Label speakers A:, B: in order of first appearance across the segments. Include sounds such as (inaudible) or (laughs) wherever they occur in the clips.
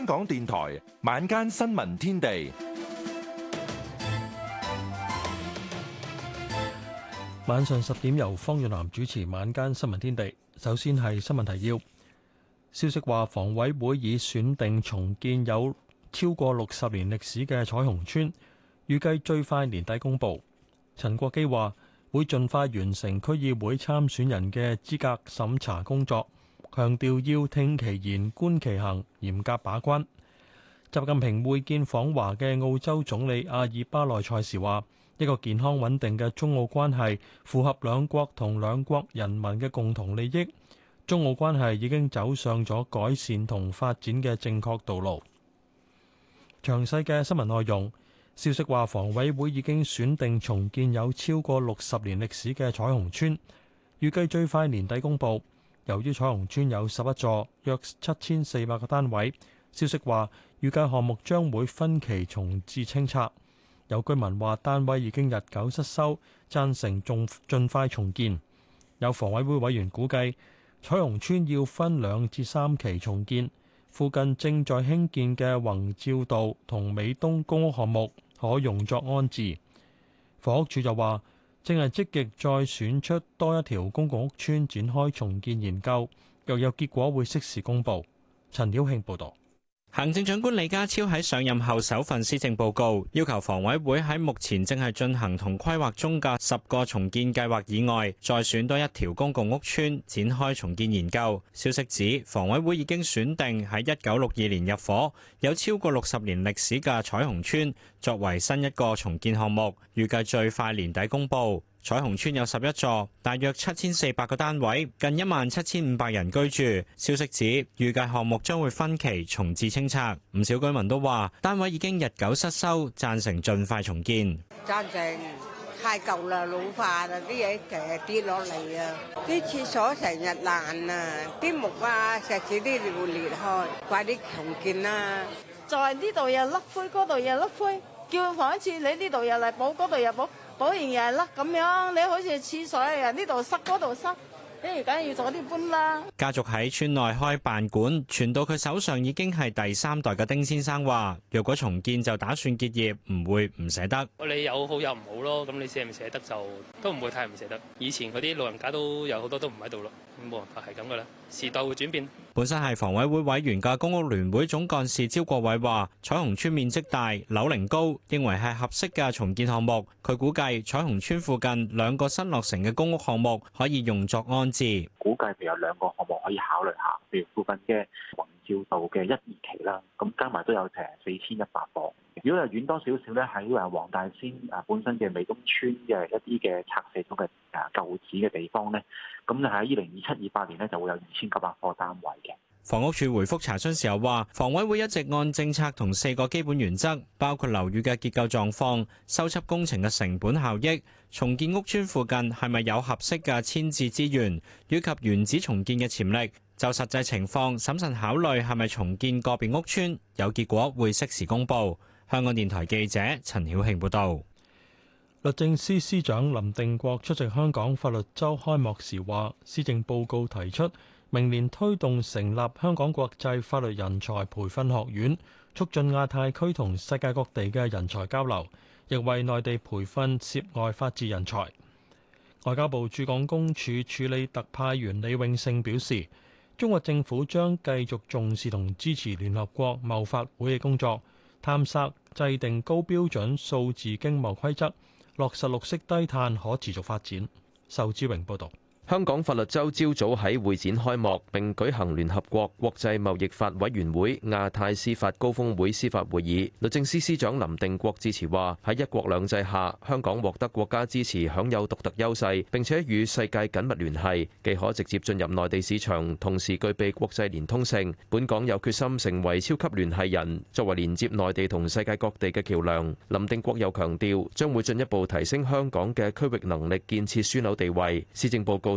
A: 香港電台晚間新聞天地，晚上十點由方潤南主持《晚間新聞天地》。首先係新聞提要，消息話房委會已選定重建有超過六十年歷史嘅彩虹村，預計最快年底公佈。陳國基話會盡快完成區議會參選人嘅資格審查工作。強調要聽其言、觀其行，嚴格把關。習近平會見訪華嘅澳洲總理阿爾巴內塞時話：一個健康穩定嘅中澳關係，符合兩國同兩國人民嘅共同利益。中澳關係已經走上咗改善同發展嘅正確道路。詳細嘅新聞內容。消息話，房委會已經選定重建有超過六十年歷史嘅彩虹邨，預計最快年底公布。由於彩虹村有十一座，約七千四百個單位，消息話預計項目將會分期重置清拆。有居民話單位已經日久失修，贊成仲盡快重建。有房委會委員估計彩虹村要分兩至三期重建。附近正在興建嘅宏照道同美東公屋項目可用作安置。房屋署就話：正係積極再選出多一條公共屋邨展開重建研究，若有結果會適時公佈。陳曉慶報導。行政長官
B: 李家超喺上任後首份施政報告，要求房委會喺目前正係進行同規劃中嘅十個重建計劃以外，再選多一條公共屋邨展開重建研究。消息指，房委會已經選定喺一九六二年入伙、有超過六十年歷史嘅彩虹邨作為新一個重建項目，預計最快年底公布。彩虹村有十一座，大約七千四百個單位，近一萬七千五百人居住。消息指，預計項目將會分期重置清拆。唔少居民都話，單位已經日久失修，贊成盡快重建。
C: 贊成，太舊啦，老化啦，啲嘢成日跌落嚟啊！啲廁所成日爛啊，啲木啊、石屎啲會裂開，快啲重建啦！就係呢度又甩灰，嗰度又甩灰，叫翻一次，你呢度又嚟補，嗰度又補。保完又係甩咁樣，你好似廁所啊，呢度塞，嗰度塞，不如緊要早啲搬
A: 啦。
B: 家族喺村內開飯館，傳到佢手上已經係第三代嘅丁先生話：若果重建就打算結業，唔會唔捨得。
A: 你有好又唔好咯，咁你捨唔捨得就都唔會太唔捨得。以前嗰啲老人家都有好多都唔喺度咯。就係咁嘅啦，時代會轉變。
B: 本身係房委會委員嘅公屋聯會總幹事招國偉話：彩虹村面積大、樓齡高，認為係合適嘅重建項目。佢估計彩虹村附近兩個新落成嘅公屋項目可以用作安置。
D: 估計咪有兩個項目可以考慮下，譬如附近嘅宏照道嘅一、二期啦，咁加埋都有成四千一百個。如果係遠多少少咧，喺話黃大仙啊本身嘅美東邨嘅一啲嘅拆卸咗嘅啊舊址嘅地方咧，咁就喺二零二七二八年咧就會有二千九百個單位嘅。
B: 房屋署回覆查詢時候話，房委會一直按政策同四個基本原則，包括樓宇嘅結構狀況、修葺工程嘅成本效益、重建屋邨附近係咪有合適嘅遷置資源，以及原址重建嘅潛力，就實際情況審慎考慮係咪重建個別屋邨，有結果
A: 會適時公佈。香港電台記
B: 者陳曉
A: 慶報道，律政司司長林定國出席香港法律周開幕時話，施政報告提出明年推動成立香港國際法律人才培訓學院，促進亞太區同世界各地嘅人才交流，亦為內地培訓涉外法治人才。外交部駐港公署助理特派員李永勝表示，中國政府將繼續重視同支持聯合國貿法會嘅工作。探索制定高標準數字經貿規則，落實綠色低碳可持續發展。仇志榮報道。
E: 香港法律周朝早喺會展開幕，並舉行聯合國國際貿易法委員會亞太司法高峰會司法會議。律政司司長林定國致辭話：喺一國兩制下，香港獲得國家支持，享有獨特優勢，並且與世界緊密聯繫，既可直接進入內地市場，同時具備國際連通性。本港有決心成為超級聯繫人，作為連接內地同世界各地嘅橋樑。林定國又強調，將會進一步提升香港嘅區域能力建設樞紐地位。施政報告。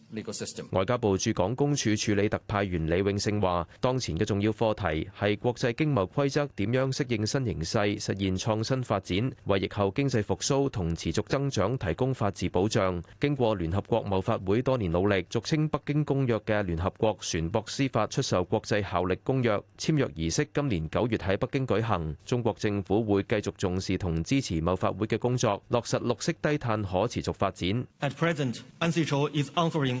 E: 外交部駐港公署處理特派員李永勝話，當前嘅重要課題係國際經貿規則點樣適應新形勢，實現創新發展，為疫後經濟復甦同持續增長提供法治保障。經過聯合國貿法會多年努力，俗稱北京公約嘅聯合國船舶司法出售國際效力公約簽約儀式今年九月喺北京舉行。中國政府會繼續重視同支持貿法會嘅工作，落實綠色低碳可持續發展。
A: At present, UNCTAD is answering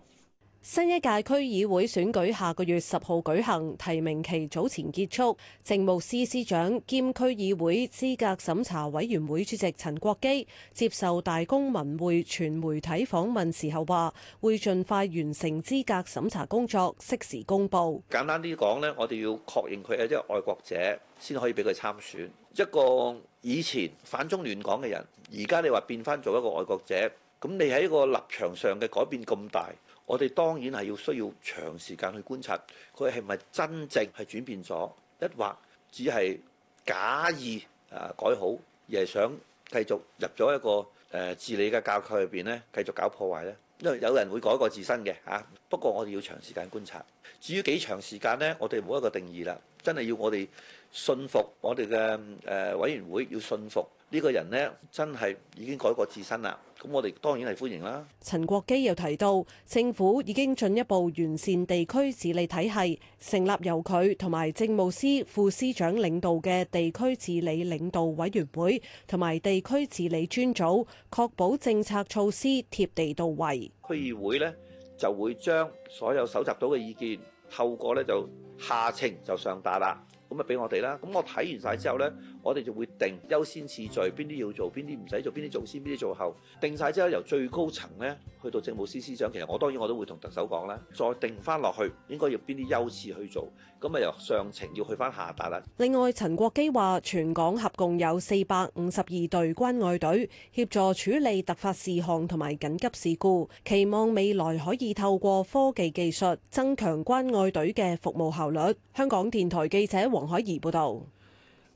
F: 新一屆區議會選舉下個月十號舉行，提名期早前結束。政務司司長兼區議會資格審查委員會主席陳國基接受大公文匯全媒體訪問時候話，會盡快完成資格審查工作，適時公布。
G: 簡單啲講呢，我哋要確認佢係一個愛國者先可以俾佢參選。一個以前反中亂港嘅人，而家你話變翻做一個愛國者，咁你喺個立場上嘅改變咁大。我哋當然係要需要長時間去觀察，佢係咪真正係轉變咗？抑或只係假意啊改好，而係想繼續入咗一個誒、呃、治理嘅教區裏邊咧，繼續搞破壞咧。因為有人會改過自身嘅嚇、啊，不過我哋要長時間觀察。至於幾長時間咧，我哋冇一個定義啦。真係要我哋信服我哋嘅誒委員會，要信服。呢個人呢，真係已經改過自身啦，咁我哋當然係歡迎啦。
F: 陳國基又提到，政府已經進一步完善地區治理體系，成立由佢同埋政務司副司長領導嘅地區治理領導委員會同埋地區治理專組，確保政策措施貼地到位。
G: 區議會呢，就會將所有搜集到嘅意見，透過呢就下情就上達啦，咁啊俾我哋啦。咁我睇完晒之後呢。我哋就會定優先次序，邊啲要做，邊啲唔使做，邊啲做先，邊啲做後。定晒之後，由最高層呢去到政務司司長，其實我當然我都會同特首講啦，再定翻落去應該要邊啲優次去做。咁啊由上層要去翻下達啦。
F: 另外，陳國基話，全港合共有四百五十二隊關愛隊協助處理突發事項同埋緊急事故，期望未來可以透過科技技術增強關愛隊嘅服務效率。香港電台記者黃海怡報道。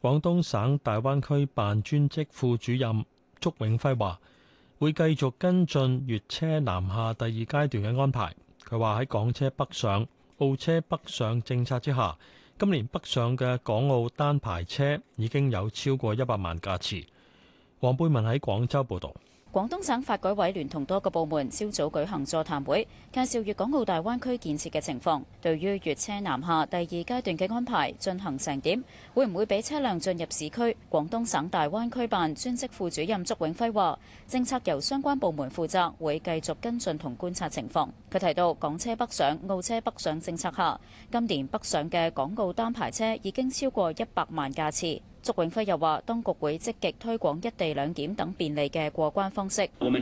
A: 廣東省大灣區辦專職副主任祝永輝話：會繼續跟進粵車南下第二階段嘅安排。佢話喺港車北上、澳車北上政策之下，今年北上嘅港澳單牌車已經有超過一百萬架次。黃貝文喺廣州報導。
H: 廣東省發改委聯同多個部門，朝早舉行座談會，介紹粵港澳大灣區建設嘅情況。對於粵車南下第二階段嘅安排進行成點，會唔會俾車輛進入市區？廣東省大灣區辦專職副主任祝永輝話：政策由相關部門負責，會繼續跟進同觀察情況。佢提到港車北上、澳車北上政策下，今年北上嘅港澳單牌車已經超過一百萬架次。祝永輝又話，當局會積極推廣一地兩檢等便利嘅過關方式。
D: 我們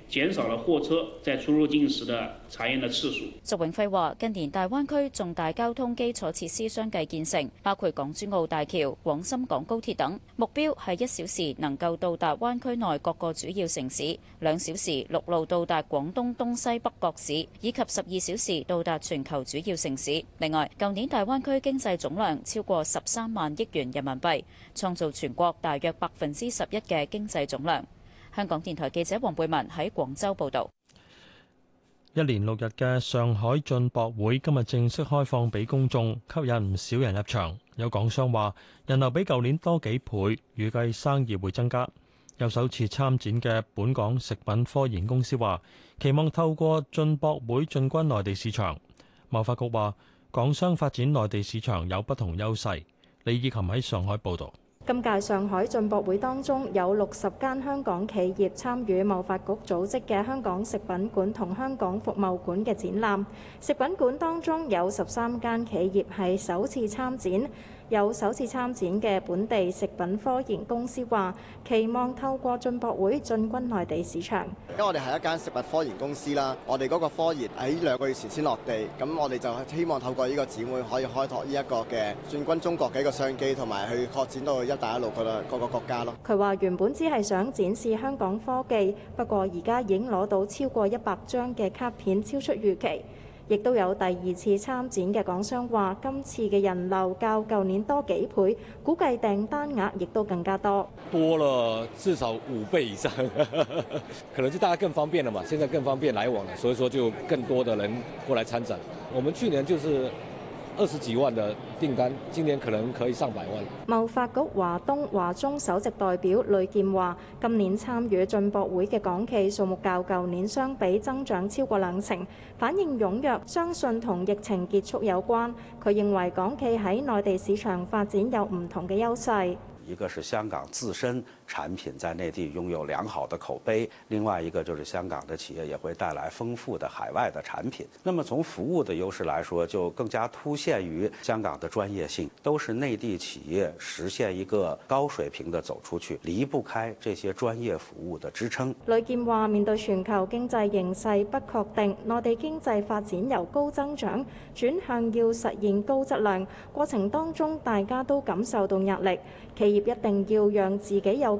D: 減少了貨車在出入境時的查驗的次數。
H: 習永輝話：近年大灣區重大交通基礎設施相繼建成，包括港珠澳大橋、廣深港高鐵等，目標係一小時能夠到達灣區內各個主要城市，兩小時陸路到達廣東東西北各市，以及十二小時到達全球主要城市。另外，舊年大灣區經濟總量超過十三萬億元人民幣，創造全國大約百分之十一嘅經濟總量。香港電台記者黃貝文喺廣州報道，
A: 一連六日嘅上海進博會今日正式開放俾公眾，吸引唔少人入場。有港商話人流比舊年多幾倍，預計生意會增加。有首次參展嘅本港食品科研公司話，期望透過進博會進軍內地市場。貿發局話港商發展內地市場有不同優勢。李以琴喺上海報道。
I: 今屆上海進博會當中，有六十間香港企業參與貿發局組織嘅香港食品館同香港服務館嘅展覽。食品館當中有十三間企業係首次參展。有首次參展嘅本地食品科研公司話，期望透過進博會進軍內地市場，
J: 因為我哋係一間食物科研公司啦，我哋嗰個科研喺兩個月前先落地，咁我哋就希望透過呢個展會可以開拓呢一個嘅進軍中國嘅一個商機同埋去擴展到一帶一路各個國家咯。
I: 佢話原本只係想展示香港科技，不過而家已經攞到超過一百張嘅卡片，超出預期。亦都有第二次參展嘅港商話，今次嘅人流較舊年多幾倍，估計訂單額亦都更加多。
B: 多了至少五倍以上， (laughs) 可能就大家更方便了嘛。現在更方便來往了，所以說就更多的人過來參展。我們去年就是。二十幾萬的訂單，今年可能可以上百萬。
I: 貿發局華東華中首席代表雷建華，今年參與進博會嘅港企數目較舊年相比增長超過兩成，反應踴躍，相信同疫情結束有關。佢認為港企喺內地市場發展有唔同嘅優勢。
K: 一個是香港自身。產品在內地擁有良好的口碑，另外一個就是香港的企業也會帶來豐富的海外的產品。那麼從服務的優勢來說，就更加凸顯於香港的專業性。都是內地企業實現一個高水平的走出去，離不開這些專業服務的支撐。
I: 呂健話：面對全球經濟形勢不確定，內地經濟發展由高增長轉向要實現高質量，過程當中大家都感受到壓力，企業一定要讓自己有。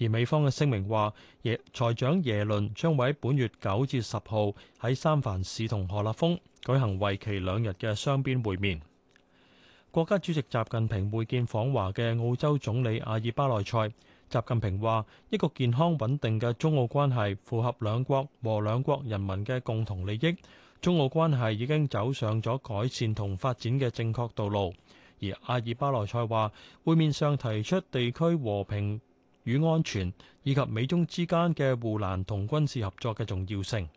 A: 而美方嘅聲明話，耶財長耶倫將會喺本月九至十號喺三藩市同何立峰舉行，為期兩日嘅雙邊會面。國家主席習近平會見訪華嘅澳洲總理阿爾巴內塞。習近平話：一個健康穩定嘅中澳關係符合兩國和兩國人民嘅共同利益。中澳關係已經走上咗改善同發展嘅正確道路。而阿爾巴內塞話會面上提出地區和平。與安全以及美中之間嘅護欄同軍事合作嘅重要性。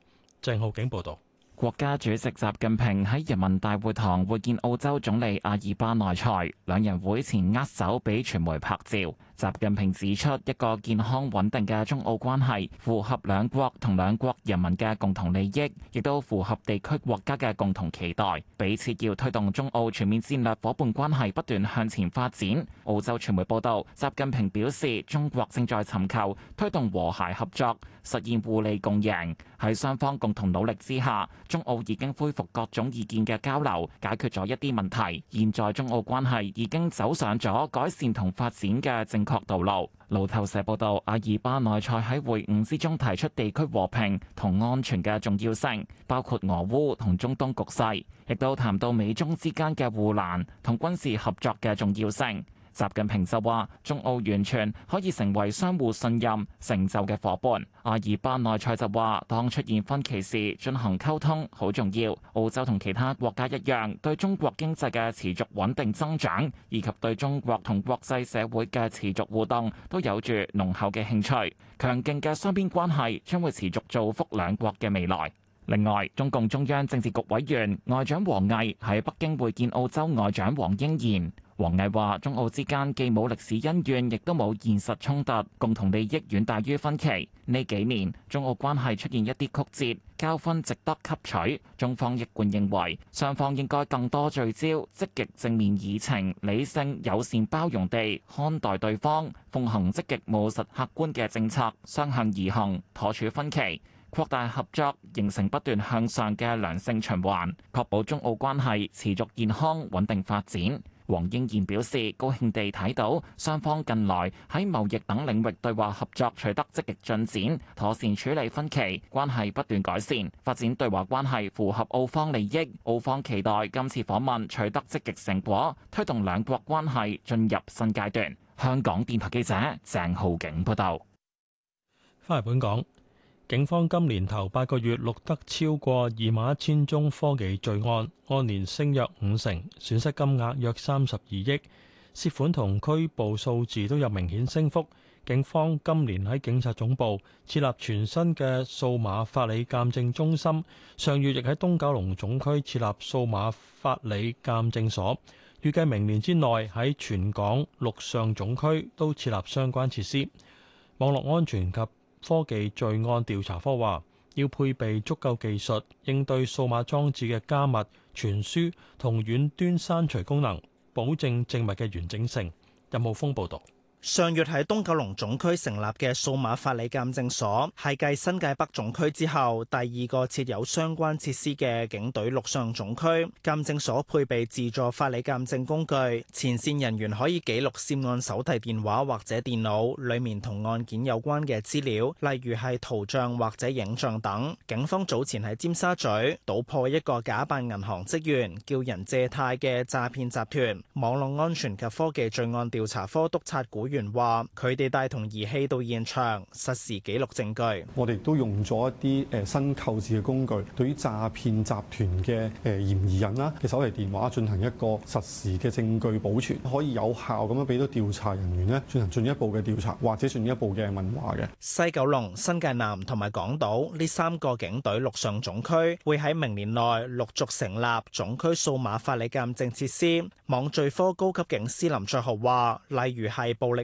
A: 鄭浩景報道：
D: 國家主席習近平喺人民大會堂會見澳洲總理阿爾巴內塞，兩人會前握手俾傳媒拍照。習近平指出，一個健康穩定嘅中澳關係，符合兩國同兩國人民嘅共同利益，亦都符合地區國家嘅共同期待。彼此要推動中澳全面戰略伙伴關係不斷向前發展。澳洲傳媒報道，習近平表示，中國正在尋求推動和諧合作，實現互利共贏。喺雙方共同努力之下，中澳已經恢復各種意見嘅交流，解決咗一啲問題。現在中澳關係已經走上咗改善同發展嘅正。確道路。路透社報道，阿爾巴內塞喺會晤之中提出地區和平同安全嘅重要性，包括俄烏同中東局勢，亦都談到美中之間嘅護欄同軍事合作嘅重要性。習近平就話：中澳完全可以成為相互信任、成就嘅伙伴。阿爾巴內塞就話：當出現分歧時，進行溝通好重要。澳洲同其他國家一樣，對中國經濟嘅持續穩定增長，以及對中國同國際社會嘅持續互動，都有住濃厚嘅興趣。強勁嘅雙邊關係將會持續造福兩國嘅未來。另外，中共中央政治局委員、外長王毅喺北京會見澳洲外長黃英賢。王毅話：中澳之間既冇歷史恩怨，亦都冇現實衝突，共同利益遠大於分歧。呢幾年中澳關係出現一啲曲折，教訓，值得吸取。中方一貫認為，雙方應該更多聚焦，積極正面議程、理性友善包容地看待對方，奉行積極務實、客觀嘅政策，雙向而行，妥處分歧，擴大合作，形成不斷向上嘅良性循環，確保中澳關係持續健康穩定發展。黃英賢表示，高興地睇到雙方近來喺貿易等領域對話合作取得積極進展，妥善處理分歧，關係不斷改善，發展對華關係符合澳方利益。澳方期待今次訪問取得積極成果，推動兩國關係進入新階段。香港電台記者鄭浩景報道。
A: 翻嚟本港。警方今年頭八個月錄得超過二萬一千宗科技罪案，按年升約五成，損失金額約三十二億，涉款同拘捕數字都有明顯升幅。警方今年喺警察總部設立全新嘅數碼法理鑒證中心，上月亦喺東九龍總區設立數碼法理鑒證所，預計明年之內喺全港陸上總區都設立相關設施，網絡安全及。科技罪案調查科話，要配備足夠技術應對數碼裝置嘅加密、傳輸同遠端刪除功能，保證證物嘅完整性。任務峯報道。
L: 上月喺東九龍總區成立嘅數碼法理鑑證所，係繼新界北總區之後第二個設有相關設施嘅警隊陸上總區。鑑證所配備自助法理鑑證工具，前線人員可以記錄涉案手提電話或者電腦裏面同案件有關嘅資料，例如係圖像或者影像等。警方早前喺尖沙咀搗破一個假扮銀行職員叫人借貸嘅詐騙集團。網絡安全及科技罪案調查科督察股員話：佢哋帶同儀器到現場，實時記錄證據。
A: 我哋都用咗一啲誒新購置嘅工具，對於詐騙集團嘅誒嫌疑人啦嘅手提電話進行一個實時嘅證據保存，可以有效咁樣俾到調查人員咧進行進一步嘅調查或者
K: 進一步嘅問話嘅。
L: 西九龍、新界南同埋港島呢三個警隊陸上總區會喺明年內陸續成立總區數碼法理鑑證設施。網罪科高級警司林俊豪話：例如係暴力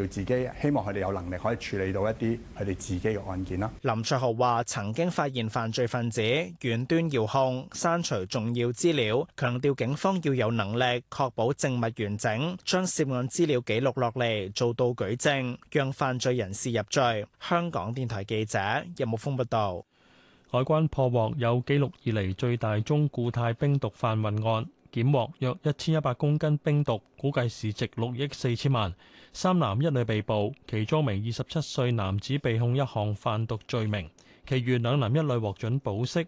L: 要自己希望佢哋有能力可以處理到一啲佢哋自己嘅案件啦。林卓豪話曾經發現犯罪分子遠端遙控刪除重要資料，強調警方要有能力確保證物完整，將涉案資料記錄落嚟做到舉證，讓犯罪人
A: 士入罪。香港電台記者任木峰報道。海關破獲有記錄以嚟最大宗固態冰毒販運案，檢獲約一千一百公斤冰毒，估計市值六億四千萬。三男一女被捕，其中一名二十七歲男子被控一項販毒罪名，其餘兩男一女獲准保釋。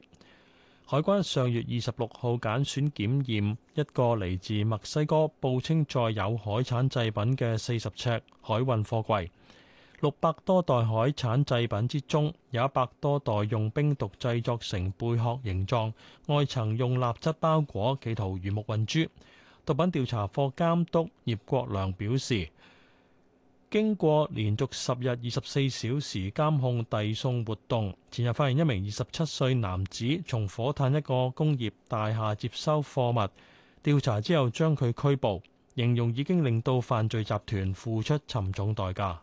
A: 海關上月二十六號揀選檢驗一個嚟自墨西哥，報稱載有海產製品嘅四十尺海運貨櫃，六百多袋海產製品之中，有一百多袋用冰毒製作成貝殼形狀，外層用蠟質包裹，企圖魚目混珠。毒品調查課監督葉國良表示。經過連續十日二十四小時監控遞送活動，前日發現一名二十七歲男子從火炭一個工業大廈接收貨物，調查之後將佢拘捕，形容已經令到犯罪集團付出沉重代價。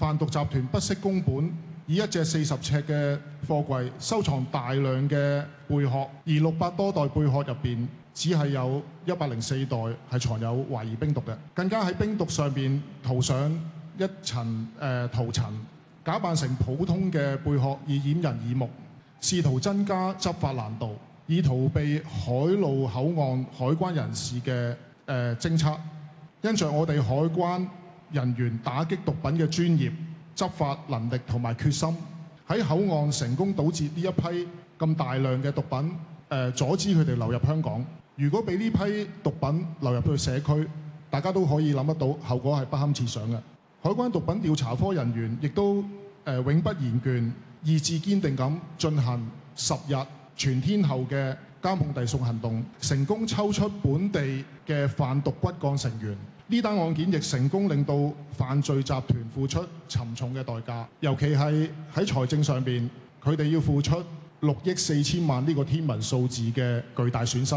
M: 販毒集團不惜工本，以一隻四十尺嘅貨櫃收藏大量嘅貝殼，而六百多袋貝殼入面。只係有一百零四袋係藏有懷疑冰毒嘅，更加喺冰毒上邊塗上一層誒塗、呃、層，假扮成普通嘅貝殼以掩人耳目，試圖增加執法難度，以逃避海路口岸海關人士嘅誒偵測。因、呃、着我哋海關人員打擊毒品嘅專業執法能力同埋決心，喺口岸成功堵截呢一批咁大量嘅毒品，誒、呃、阻止佢哋流入香港。如果俾呢批毒品流入到去社區，大家都可以諗得到後果係不堪設想嘅。海關毒品調查科人員亦都、呃、永不言倦、意志堅定咁進行十日全天候嘅監控遞送行動，成功抽出本地嘅販毒骨幹成員。呢單案件亦成功令到犯罪集團付出沉重嘅代價，尤其係喺財政上面，佢哋要付出六億四千萬呢個天文數字嘅巨大損失。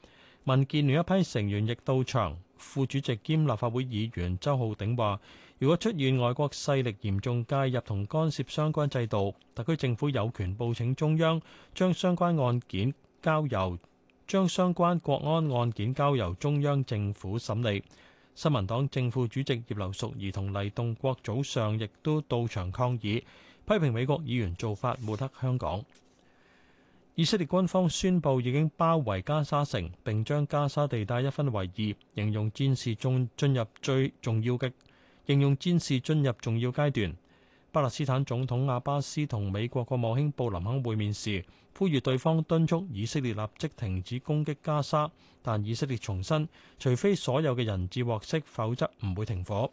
A: 民建聯一批成員亦到場，副主席兼立法會議員周浩鼎話：如果出現外國勢力嚴重介入同干涉相關制度，特區政府有權報請中央將相關案件交由將相關國安案件交由中央政府審理。新民黨正副主席葉劉淑儀同黎棟國早上亦都到場抗議，批評美國議員做法冇得香港。以色列軍方宣布已經包圍加沙城，並將加沙地帶一分為二，形容戰事中進入最重要的，形容戰事進入重要階段。巴勒斯坦總統阿巴斯同美國國務卿布林肯會面時，呼籲對方敦促以色列立即停止攻擊加沙，但以色列重申，除非所有嘅人質獲釋，否則唔會停火。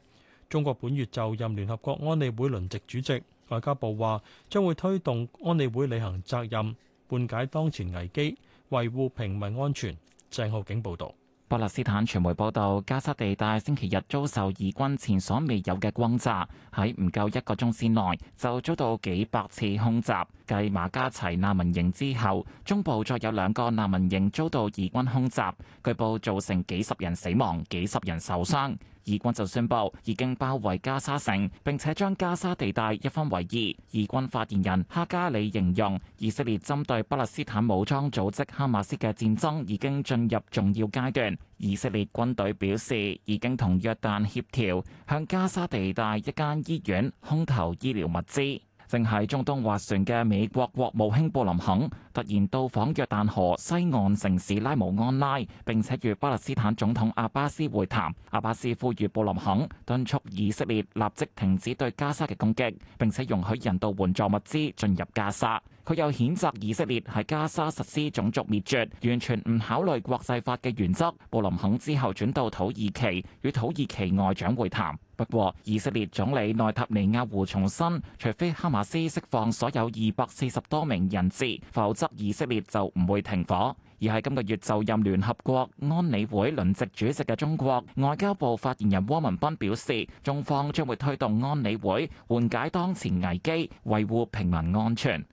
A: 中國本月就任聯合國安理會輪值主席，外交部話將會推動安理會履行責任。緩解當前危機，維護平民安全。鄭浩景報導。
D: 巴勒斯坦傳媒報道，加沙地帶星期日遭受以軍前所未有嘅轟炸，喺唔夠一個鐘之內就遭到幾百次空襲。繼馬加齊難民營之後，中部再有兩個難民營遭到以軍空襲，據報造成幾十人死亡、幾十人受傷。以軍就宣布已經包圍加沙城，並且將加沙地帶一分為二。以軍發言人哈加里形容，以色列針對巴勒斯坦武裝組織哈馬斯嘅戰爭已經進入重要階段。以色列軍隊表示，已經同約旦協調，向加沙地帶一間醫院空投醫療物資。正喺中東斡旋嘅美國國務卿布林肯。突然到訪約旦河西岸城市拉姆安拉，並且與巴勒斯坦總統阿巴斯會談。阿巴斯呼籲布林肯敦促以色列立即停止對加沙嘅攻擊，並且容許人道援助物資進入加沙。佢又譴責以色列喺加沙實施種族滅絕，完全唔考慮國際法嘅原則。布林肯之後轉到土耳其，與土耳其外長會談。不過，以色列總理內塔尼亞胡重申，除非哈馬斯釋放所有二百四十多名人質，否則以色列就唔會停火，而係今個月就任聯合國安理會輪值主席嘅中國外交部發言人汪文斌表示，中方將會推動安理會緩解當前危機，維護平民安全。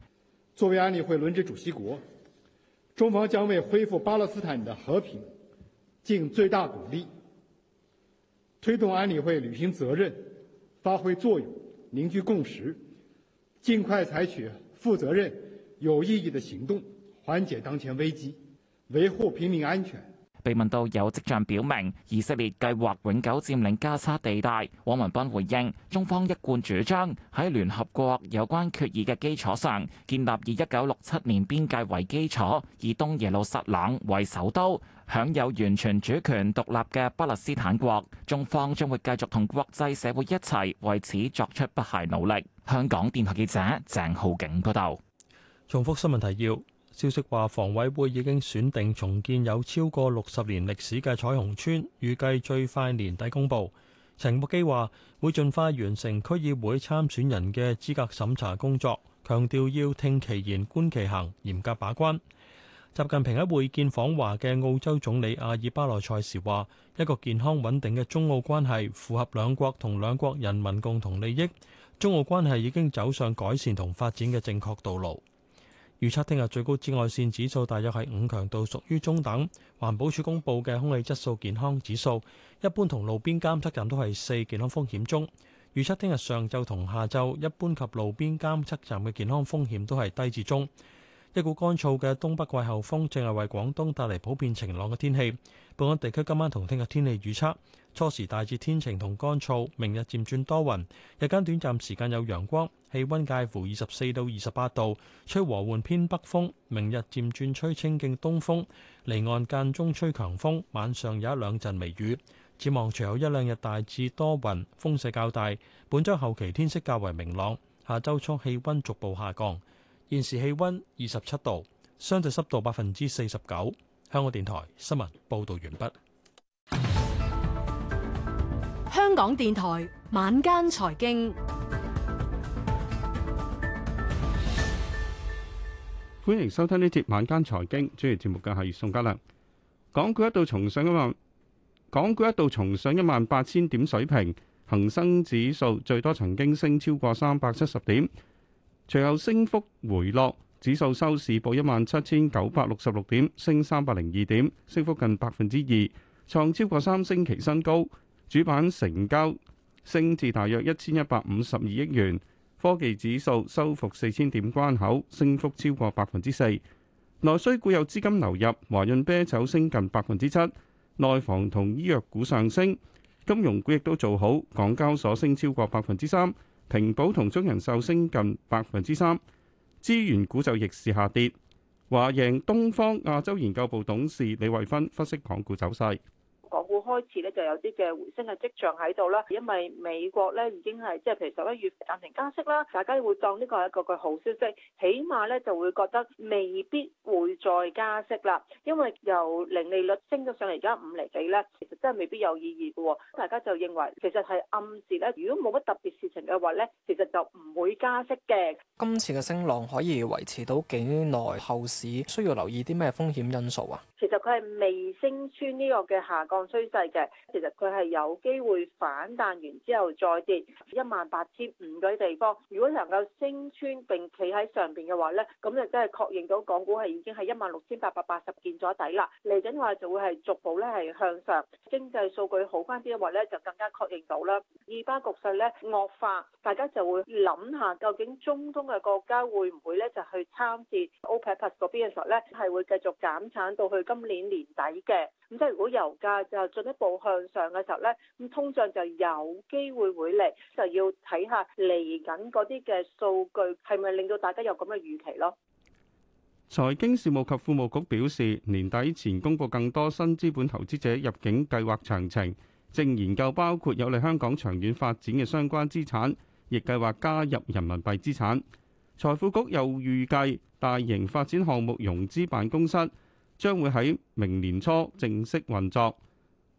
K: 作為安理會輪值主席國，中方將為恢復巴勒斯坦的和平盡最大努力，推動安理會履行責任、發揮作用、凝聚共識，盡快採取負責任，有意義的行動，緩解當前危機，維護平民安全。
D: 被問到有跡象表明以色列計劃永久占領加沙地帶，汪文斌回應：中方一貫主張喺聯合國有關決議嘅基礎上，建立以一九六七年邊界為基礎、以東耶路撒冷為首都、享有完全主權獨立嘅巴勒斯坦國。中方將會繼續同國際社會一齊為此作出不懈努力。香港電台記者鄭浩景報道。重複新聞提要：消息話，房委會
A: 已經選定重建有超過六十年歷史嘅彩虹村，預計最快年底公布。陳木基話會盡快完成區議會參選人嘅資格審查工作，強調要聽其言觀其行，嚴格把關。習近平喺會見訪華嘅澳洲總理阿爾巴內塞時話：一個健康穩定嘅中澳關係符合兩國同兩國人民共同利益，中澳關係已經走上改善同發展嘅正確道路。預測聽日最高紫外線指數大約係五強度，屬於中等。環保署公布嘅空氣質素健康指數，一般同路邊監測站都係四，健康風險中。預測聽日上晝同下晝，一般及路邊監測站嘅健康風險都係低至中。一股乾燥嘅東北季候風正係為廣東帶嚟普遍晴朗嘅天氣。本港地區今晚同聽日天氣預測。初時大致天晴同乾燥，明日漸轉多雲，日間短暫時間有陽光，氣温介乎二十四到二十八度，吹和緩偏北風。明日漸轉吹清勁東風，離岸間中吹強風，晚上有一兩陣微雨。展望隨後一兩日大致多雲，風勢較大，本週後期天色較為明朗，下周初氣温逐步下降。現時氣温二十七度，相對濕度百分之四十九。香港電台新聞報導完畢。
F: 香港電台晚間財經，
K: 歡迎收聽呢節晚間財經，主持節目嘅係宋嘉良。港股一度重上一萬，港股一度重上一萬八千點水平，恒生指數最多曾經升超過三百七十點，隨後升幅回落，指數收市報一萬七千九百六十六點，升三百零二點，升幅近百分之二，創超過三星期新高。主板成交升至大約一千一百五十二億元，科技指數收復四千點關口，升幅超過百分之四。內需股有資金流入，華潤啤酒升近百分之七，內房同醫藥股上升，金融股亦都做好。港交所升超過百分之三，平保同中人壽升近百分之三，資源股就逆市下跌。華贏東方亞洲研究部董事李慧芬分析港股走勢。
C: 開始咧就有啲嘅回升嘅跡象喺度啦，因為美國咧已經係即係譬如十一月暫停加息啦，大家會當呢個係一個嘅好消息，起碼咧就會覺得未必會再加息啦，因為由零利率升咗上嚟而家五厘幾咧，其實真係未必有意義嘅喎，大家就認為其實係暗示咧，如果冇乜特別事情嘅話咧，其實就唔會加息嘅。
J: 今次嘅升浪可以維持到幾耐？後市需要留意啲咩風險因素啊？
C: 其實佢係未升穿呢個嘅下降趨。嘅，其實佢係有機會反彈完之後再跌一萬八千五嗰啲地方。如果能夠升穿並企喺上邊嘅話咧，咁就真係確認到港股係已經係一萬六千八百八十見咗底啦。嚟緊話就會係逐步咧係向上。經濟數據好翻啲嘅話咧，就更加確認到啦。以巴局勢咧惡化，大家就會諗下究竟中東嘅國家會唔會咧就去參戰。OPEC 嗰邊嘅時候咧，係會繼續減產到去今年年底嘅。咁即係如果油價就進一步向上嘅時候呢，咁通脹就有機會會嚟，就要睇下嚟緊嗰啲嘅數據係咪令到大家有咁嘅預期咯。
K: 財經事務及庫務局表示，年底前公布更多新資本投資者入境計劃詳情，正研究包括有利香港長遠發展嘅相關資產，亦計劃加入人民幣資產。財富局又預計大型發展項目融資辦公室將會喺明年初正式運作。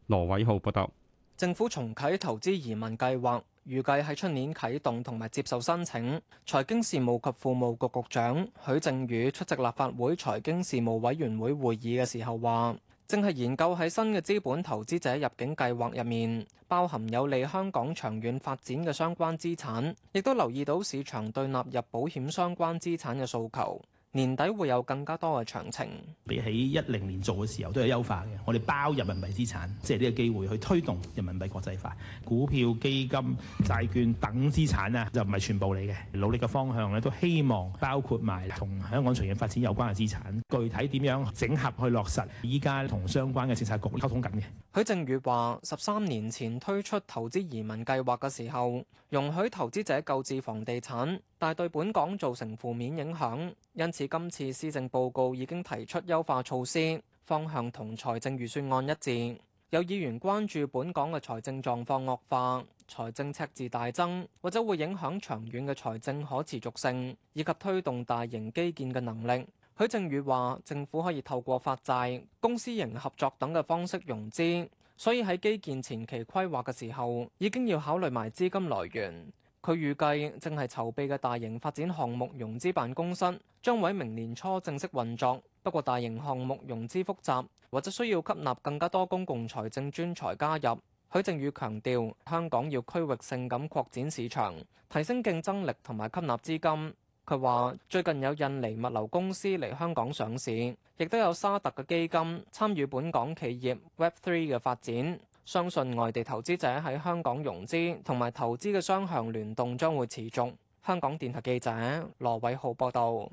K: 羅偉浩報道，
J: 政府重啟投資移民計劃，預計喺出年啟動同埋接受申請。財經事務及庫務局局長許正宇出席立法會財經事務委員會會議嘅時候話，正係研究喺新嘅資本投資者入境計劃入面，包含有利香港長遠發展嘅相關資產，亦都留意到市場對納入保險相關資產嘅訴求。年底會有更加多嘅詳情。比起
L: 一零年做嘅時候，都有優化嘅。我哋包人民幣資產，即係呢個機會去推動人民幣國際化，股票、基金、債券等資產啊，就唔係全部嚟嘅。努力嘅方向咧，都希望包括埋同香港長遠發展有關嘅資產。具體點樣整合去落實？依家同相關嘅政策局溝通緊嘅。許正宇話：十三年
J: 前推出投資移民計劃嘅時候，容許投資者購置房地產。但對本港造成負面影響，因此今次施政報告已經提出優化措施，方向同財政預算案一致。有議員關注本港嘅財政狀況惡化，財政赤字大增，或者會影響長遠嘅財政可持續性，以及推動大型基建嘅能力。許正宇話：政府可以透過發債、公私營合作等嘅方式融資，所以喺基建前期規劃嘅時候，已經要考慮埋資金來源。佢預計正係籌備嘅大型發展項目融資辦公室將會明年初正式運作。不過大型項目融資複雜，或者需要吸納更加多公共財政專才加入。許正宇強調，香港要區域性咁擴展市場，提升競爭力同埋吸納資金。佢話最近有印尼物流公司嚟香港上市，亦都有沙特嘅基金參與本港企業 Web Three 嘅發展。相信外地投資者喺香港融資同埋投資嘅雙向聯動將會持續。香港電台記者羅偉浩報道。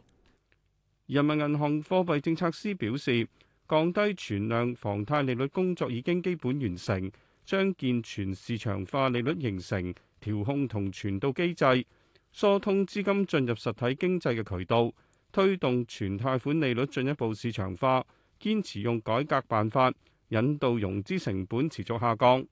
K: 人民銀行貨幣政策司表示，降低存量房貸利率工作已經基本完成，將健全市場化利率形成、調控同傳導機制，疏通資金進入實體經濟嘅渠道，推動存貸款利率進一步市場化，堅持用改革辦法，引導融資成本持續下降。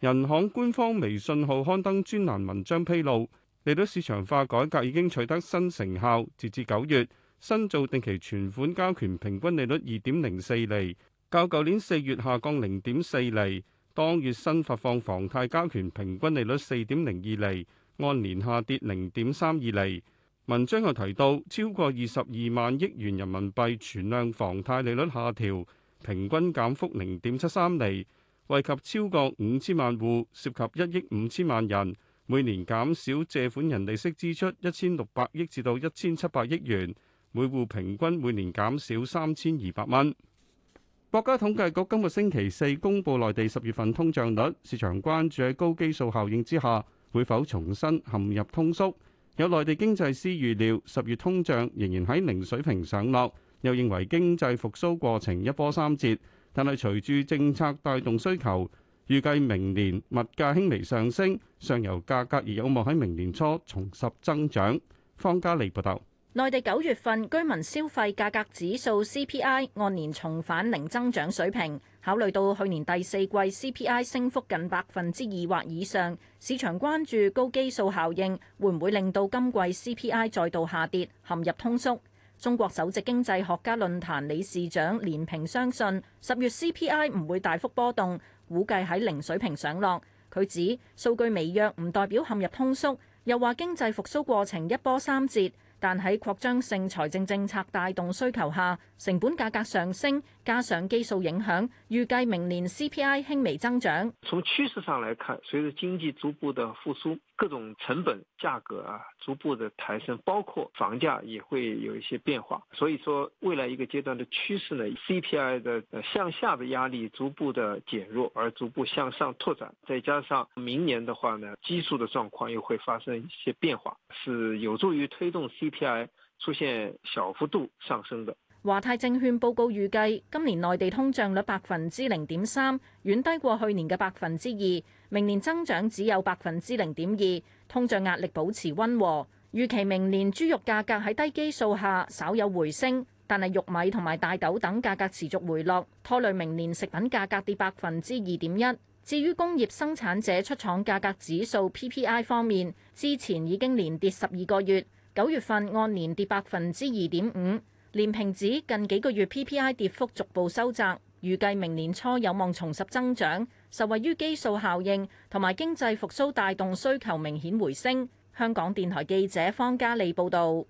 K: 人行官方微信號刊登專欄文章披露，利率市場化改革已經取得新成效。截至九月，新造定期存款加權平均利率二點零四厘，較舊年四月下降零點四厘；當月新發放房貸加權平均利率四點零二厘，按年下跌零點三二厘。文章又提到，超過二十二萬億元人民幣存量房貸利率下調。平均減幅零點七三厘，惠及超過五千萬戶，涉及一億五千萬人，每年減少借款人利息支出一千六百億至到一千七百億元，每戶平均每年減少三千二百蚊。國家統計局今個星期四公布內地十月份通脹率，市場關注喺高基數效應之下，會否重新陷入通縮？有內地經濟師預料，十月通脹仍然喺零水平上落。又認為經濟復甦過程一波三折，但係隨住政策帶動需求，預計明年物價輕微上升，上游價格而有望喺明年初重拾增長。方家利報道，
N: 內地九月份居民消費價格指數 CPI 按年重返零增長水平。考慮到去年第四季 CPI 升幅近百分之二或以上，市場關注高基數效應會唔會令到今季 CPI 再度下跌，陷入通縮。中國首席經濟學家論壇理事長連平相信，十月 CPI 唔會大幅波動，估計喺零水平上落。佢指數據微弱唔代表陷入通縮，又話經濟復甦過程一波三折，但喺擴張性財政政策帶動需求下，成本價格上升。加上基數影響，預計明年 CPI 輕微增長。
E: 從趨勢上來看，隨着經濟逐步的復甦，各種成本價格啊逐步的抬升，包括房價也會有一些變化。所以說未來一個階段的趨勢呢，CPI 的向下的壓力逐步的減弱，而逐步向上拓展。再加上明年的話呢，基數的狀況又會發生一些變化，是有助於推動 CPI 出現小幅度上升的。
N: 華泰證券報告預計，今年內地通脹率百分之零點三，遠低過去年嘅百分之二。明年增長只有百分之零點二，通脹壓力保持溫和。預期明年豬肉價格喺低基數下稍有回升，但係玉米同埋大豆等價格持續回落，拖累明年食品價格跌百分之二點一。至於工業生產者出廠價格指數 （PPI） 方面，之前已經連跌十二個月，九月份按年跌百分之二點五。連平指近幾個月 PPI 跌幅逐步收窄，預計明年初有望重拾增長，受惠於基數效應同埋經濟復甦帶動需求明顯回升。香港電台記者方嘉利報導。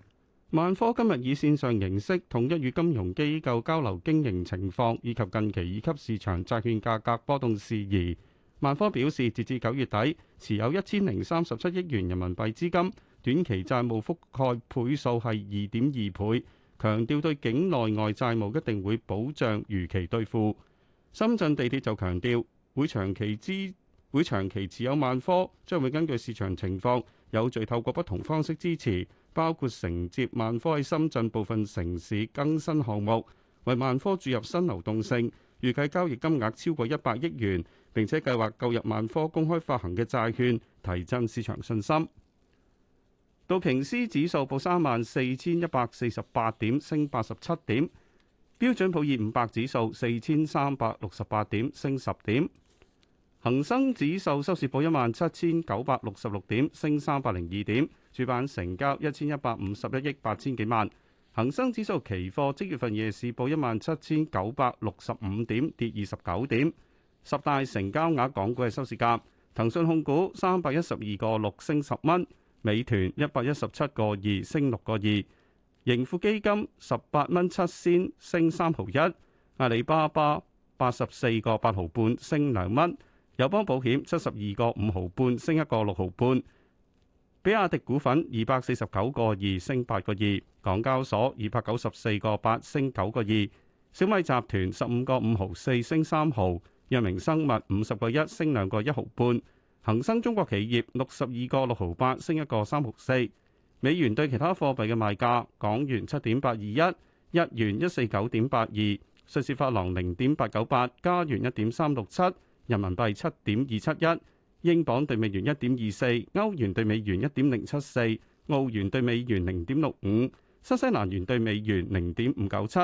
K: 萬科今日以線上形式統一與金融機構交流經營情況以及近期二級市場債券價格波動事宜。萬科表示，截至九月底，持有一千零三十七億元人民幣資金，短期債務覆蓋倍數係二點二倍。強調對境內外債務一定會保障如期兌付。深圳地鐵就強調會長期支會長期持有萬科，將會根據市場情況，有序透過不同方式支持，包括承接萬科喺深圳部分城市更新項目，為萬科注入新流動性。預計交易金額超過一百億元，並且計劃購入萬科公開發行嘅債券，提振市場信心。道瓊斯指數報三萬四千一百四十八點，升八十七點；標準普爾五百指數四千三百六十八點，升十點；恒生指數收市報一萬七千九百六十六點，升三百零二點。主板成交一千一百五十一億八千幾萬。恒生指數期貨即月份夜市報一萬七千九百六十五點，跌二十九點。十大成交額港股嘅收市價，騰訊控股三百一十二個六升十蚊。美團一百一十七個二升六個二，盈富基金十八蚊七仙升三毫一，阿里巴巴八十四個八毫半升兩蚊，友邦保險七十二個五毫半升一個六毫半，比亞迪股份二百四十九個二升八個二，港交所二百九十四個八升九個二，小米集團十五個五毫四升三毫，藥明生物五十個一升兩個一毫半。恒生中國企業六十二個六毫八升一個三毫四。美元對其他貨幣嘅賣價：港元七點八二一，日元一四九點八二，瑞士法郎零點八九八，加元一點三六七，人民幣七點二七一，英鎊兌美元一點二四，歐元兌美元一點零七四，澳元兌美元零點六五，新西蘭元兌美元零點五九七。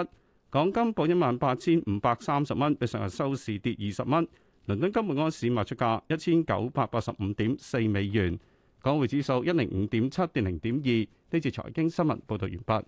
K: 港金報一萬八千五百三十蚊，比上日收市跌二十蚊。倫敦金每安士賣出價一千九百八十五點四美元，港匯指數一零五點七跌零點二。呢次財經新聞報道完畢。